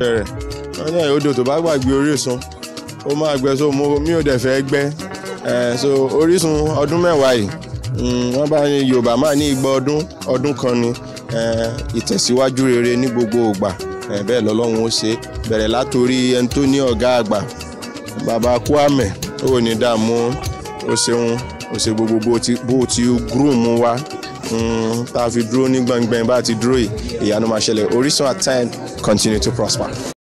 rẹ̀ wọ́n ní odò tó bá gbàgbé orísun ó máa gbẹ so mi ò dẹ̀ fẹ́ so orísun ọdún mẹ́wàá yìí mm, wọ́n bá ní yorùbá máa ní kan ni ìtẹ̀síwájú rere ní gbogbo ìgbà bẹ́ẹ̀ lọ́lọ́run ó ṣe bẹ̀rẹ̀ látòrí ẹni tó ní ọ̀gá àgbà bàbá Kwame ó ní dààmú ó ṣeun ó tá mm, a fi dúró ní gbọ̀ngbọ̀n bá a ti dúró yìí ìyanu máa ṣẹlẹ̀ Orísun at ten continue to prosper.